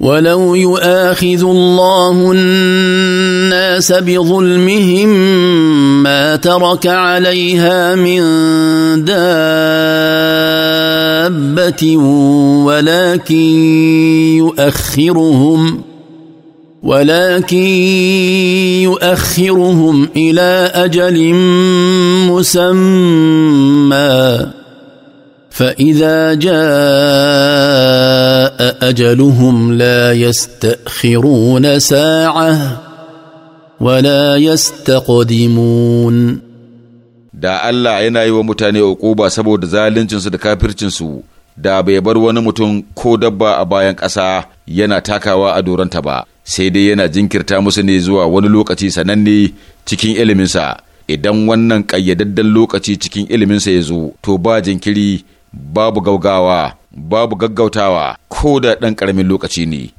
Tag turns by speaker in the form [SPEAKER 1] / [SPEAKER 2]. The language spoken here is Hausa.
[SPEAKER 1] ولو يؤاخذ الله الناس بظلمهم ما ترك عليها من دابه ولكن يؤخرهم ولكن يؤخرهم الى اجل مسمى فاذا جاء جاء اجلهم لا يستاخرون ساعه ولا يستقدمون
[SPEAKER 2] da Allah yana yi wa mutane uquba saboda zaluncinsu da kafircinsu da bai bar wani mutum ko dabba a bayan ƙasa yana takawa a doronta ba sai dai yana jinkirta musu ne zuwa wani lokaci sananne cikin iliminsa idan wannan ƙayyadadden lokaci cikin iliminsa ya zo to ba jinkiri babu gaugawa babu gaggautawa ko da ɗan ƙaramin lokaci ne